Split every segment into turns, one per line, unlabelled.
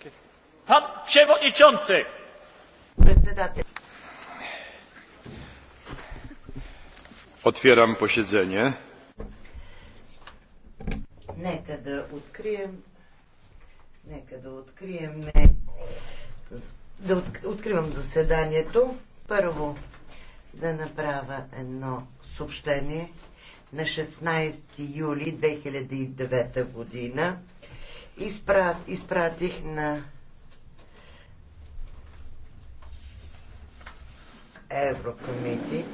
Okay. Pan przewodniczący! Председател. Otwieram posiedzenie. Нека да открием Нека да открием да от, откривам заседанието. Първо да направя едно съобщение на 16 юли 2009 година изпратих на Еврокомити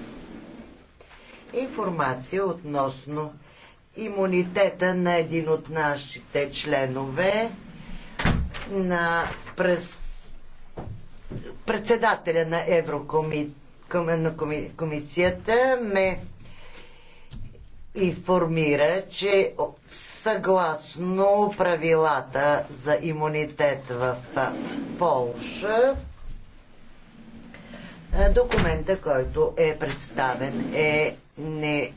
информация относно имунитета на един от нашите членове на през председателя на Еврокомисията ме информира, че съгласно правилата за имунитет в Полша, документа, който е представен, е не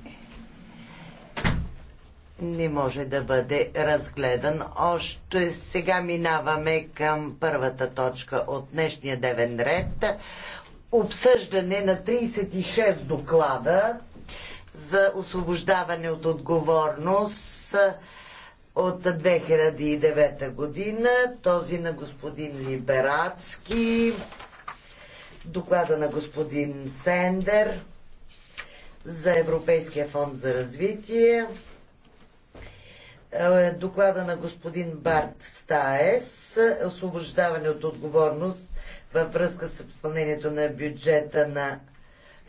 не може да бъде разгледан. Още сега минаваме към първата точка от днешния девен ред. Обсъждане на 36 доклада за освобождаване от отговорност от 2009 година, този на господин Либерацки, доклада на господин Сендер за Европейския фонд за развитие, е, доклада на господин Барт Стаес, освобождаване от отговорност във връзка с изпълнението на бюджета на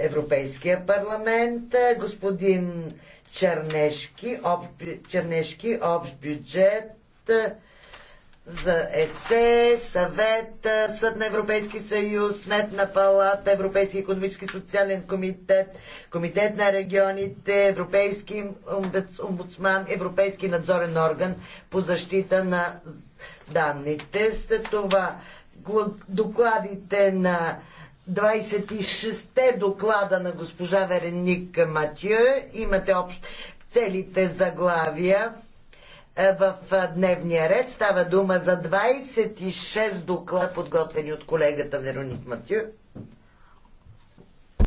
Европейския парламент, е, господин Чернешки, об... Чернешки, общ бюджет е, за ЕСЕ, съвет, е, съд на Европейски съюз, сметна палата, Европейски економически и социален комитет, комитет на регионите, Европейски омбудсман, Европейски надзорен орган по защита на данните. След това докладите на 26-те доклада на госпожа Вереник Матю. Имате общо целите заглавия е, в е, дневния ред. Става дума за 26 доклада, подготвени от колегата Вероник Матю.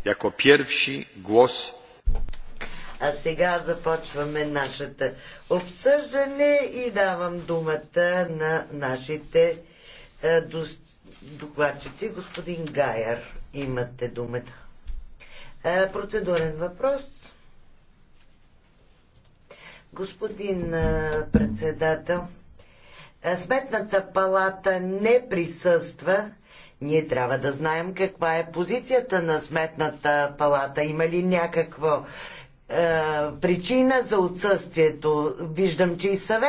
Яко първи глас а сега започваме нашата обсъждане и давам думата на нашите е, достигнати докладчици. Господин Гайер, имате думата. Е, процедурен въпрос. Господин е, председател, е, Сметната палата не присъства. Ние трябва да знаем каква е позицията на Сметната палата. Има ли някаква е, причина за отсъствието? Виждам, че и съвет